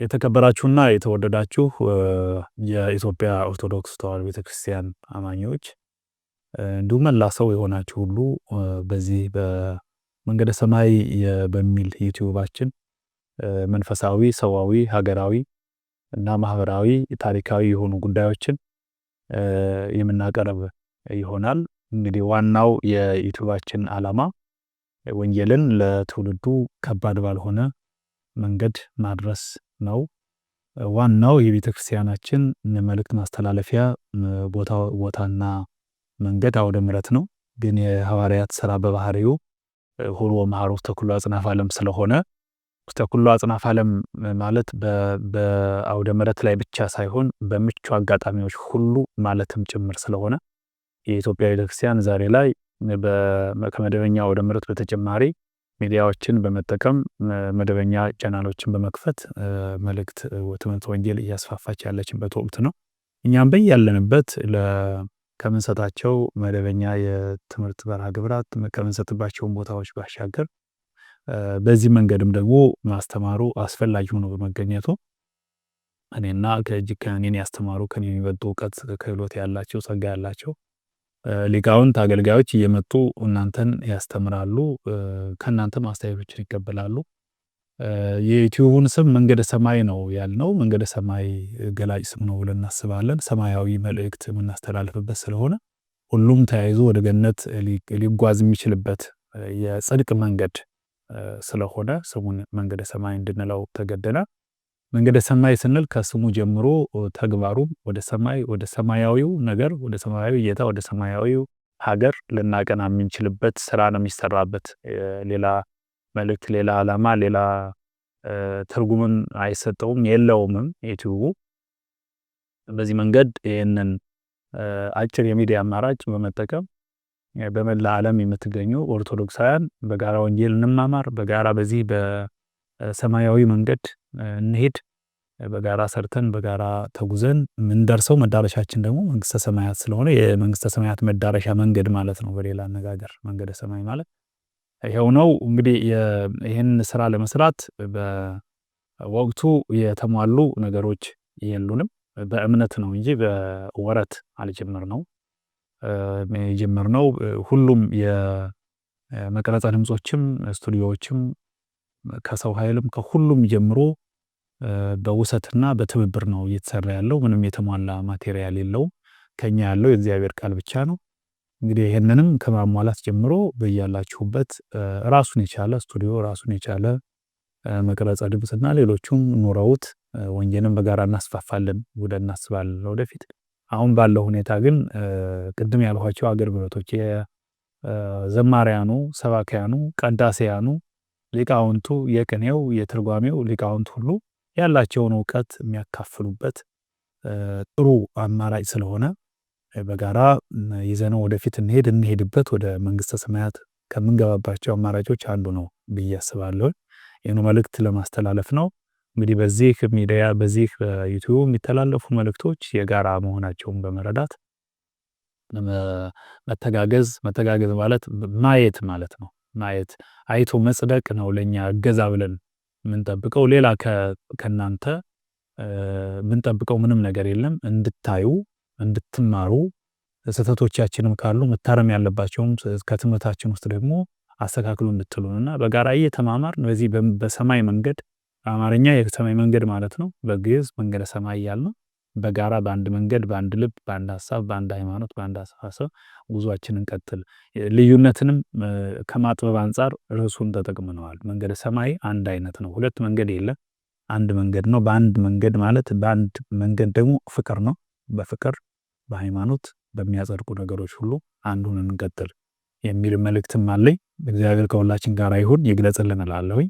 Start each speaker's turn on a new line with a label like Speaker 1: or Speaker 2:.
Speaker 1: የተከበራችሁና የተወደዳችሁ የኢትዮጵያ ኦርቶዶክስ ተዋሕዶ ቤተክርስቲያን አማኞች እንዲሁም መላ ሰው የሆናችሁ ሁሉ በዚህ በመንገደ ሰማይ በሚል ዩቲዩባችን መንፈሳዊ፣ ሰዋዊ፣ ሀገራዊ እና ማህበራዊ ታሪካዊ የሆኑ ጉዳዮችን የምናቀርብ ይሆናል። እንግዲህ ዋናው የዩቲዩባችን ዓላማ ወንጌልን ለትውልዱ ከባድ ባልሆነ መንገድ ማድረስ ነው። ዋናው የቤተ ክርስቲያናችን መልእክት ማስተላለፊያ ቦታና መንገድ አውደ ምረት ነው። ግን የሐዋርያት ስራ በባህሪው ሁሉ መሐሩ ተኩሎ አጽናፍ ዓለም ስለሆነ ተኩሎ አጽናፍ ዓለም ማለት በአውደ ምረት ላይ ብቻ ሳይሆን በምቹ አጋጣሚዎች ሁሉ ማለትም ጭምር ስለሆነ የኢትዮጵያ ቤተክርስቲያን ዛሬ ላይ ከመደበኛ አውደ ምረት በተጨማሪ ሚዲያዎችን በመጠቀም መደበኛ ቻናሎችን በመክፈት መልእክት፣ ትምህርት፣ ወንጌል እያስፋፋች ያለችበት ወቅት ነው። እኛም ያለንበት ከምንሰጣቸው መደበኛ የትምህርት መርሃ ግብራት ከምንሰጥባቸውን ቦታዎች ባሻገር በዚህ መንገድም ደግሞ ማስተማሩ አስፈላጊ ሆኖ በመገኘቱ እኔና ከእጅ ከኔን ያስተማሩ ከኔ የሚበልጡ እውቀት ክህሎት ያላቸው ጸጋ ያላቸው ሊቃውንት አገልጋዮች እየመጡ እናንተን ያስተምራሉ፣ ከእናንተም አስተያየቶችን ይቀበላሉ። የዩቲዩቡን ስም መንገደ ሰማይ ነው ያልነው። መንገደ ሰማይ ገላጭ ስም ነው ብለን እናስባለን። ሰማያዊ መልእክት የምናስተላልፍበት ስለሆነ ሁሉም ተያይዞ ወደ ገነት ሊጓዝ የሚችልበት የጽድቅ መንገድ ስለሆነ ስሙን መንገደ ሰማይ እንድንለው ተገደናል። መንገደ ሰማይ ስንል ከስሙ ጀምሮ ተግባሩ ወደ ሰማይ ወደ ሰማያዊው ነገር ወደ ሰማያዊ እይታ ወደ ሰማያዊው ሀገር ልናቀና የምንችልበት ስራ ነው የሚሰራበት። ሌላ መልእክት፣ ሌላ ዓላማ፣ ሌላ ትርጉምን አይሰጠውም የለውምም ዩቲዩቡ። በዚህ መንገድ ይህንን አጭር የሚዲያ አማራጭ በመጠቀም በመላ ዓለም የምትገኙ ኦርቶዶክሳውያን በጋራ ወንጌል እንማማር፣ በጋራ በዚህ በሰማያዊ መንገድ እንሄድ በጋራ ሰርተን በጋራ ተጉዘን የምንደርሰው መዳረሻችን ደግሞ መንግስተ ሰማያት ስለሆነ የመንግስተ ሰማያት መዳረሻ መንገድ ማለት ነው። በሌላ አነጋገር መንገደ ሰማይ ማለት ይኸው ነው። እንግዲህ ይህን ስራ ለመስራት በወቅቱ የተሟሉ ነገሮች የሉንም። በእምነት ነው እንጂ በወረት አልጀምር ነው ጀምር ነው። ሁሉም የመቅረጸ ድምፆችም ስቱዲዮዎችም ከሰው ኃይልም ከሁሉም ጀምሮ በውሰትና በትብብር ነው እየተሰራ ያለው። ምንም የተሟላ ማቴሪያል የለውም። ከኛ ያለው የእግዚአብሔር ቃል ብቻ ነው። እንግዲህ ይህንንም ከማሟላት ጀምሮ በያላችሁበት ራሱን የቻለ ስቱዲዮ፣ ራሱን የቻለ መቅረጸ ድምፅና ሌሎቹም ኑረውት ወንጌልን በጋራ እናስፋፋለን ወደ እናስባለን ወደፊት። አሁን ባለው ሁኔታ ግን ቅድም ያልኋቸው አገልግሎቶች የዘማሪያኑ፣ ሰባኪያኑ፣ ቀዳሴያኑ ሊቃውንቱ የቅኔው የትርጓሜው ሊቃውንት ሁሉ ያላቸውን እውቀት የሚያካፍሉበት ጥሩ አማራጭ ስለሆነ በጋራ ይዘነው ወደፊት እንሄድ እንሄድበት ወደ መንግስተ ሰማያት ከምንገባባቸው አማራጮች አንዱ ነው ብዬ አስባለሁ። ይህኑ መልእክት ለማስተላለፍ ነው። እንግዲህ በዚህ ሚዲያ በዚህ በዩቲዩብ የሚተላለፉ መልእክቶች የጋራ መሆናቸውን በመረዳት መተጋገዝ መተጋገዝ ማለት ማየት ማለት ነው። ማየት አይቶ መጽደቅ ነው ለእኛ እገዛ ብለን የምንጠብቀው። ሌላ ከእናንተ የምንጠብቀው ምንም ነገር የለም። እንድታዩ፣ እንድትማሩ ስህተቶቻችንም ካሉ መታረም ያለባቸውም ከትምህርታችን ውስጥ ደግሞ አስተካክሉ እንድትሉን እና በጋራ እየተማማር በዚህ በሰማይ መንገድ አማርኛ የሰማይ መንገድ ማለት ነው። በግዕዝ መንገደ ሰማይ እያልን በጋራ በአንድ መንገድ፣ በአንድ ልብ፣ በአንድ ሀሳብ፣ በአንድ ሃይማኖት፣ በአንድ አስተሳሰብ ጉዞችንን ቀጥል ልዩነትንም ከማጥበብ አንጻር ርዕሱን ተጠቅምነዋል። መንገደ ሰማይ አንድ አይነት ነው። ሁለት መንገድ የለ አንድ መንገድ ነው። በአንድ መንገድ ማለት በአንድ መንገድ ደግሞ ፍቅር ነው። በፍቅር በሃይማኖት በሚያጸድቁ ነገሮች ሁሉ አንዱን እንቀጥል የሚል መልእክትም አለኝ። እግዚአብሔር ከሁላችን ጋር ይሁን፣ ይግለጽልን እላለሁኝ።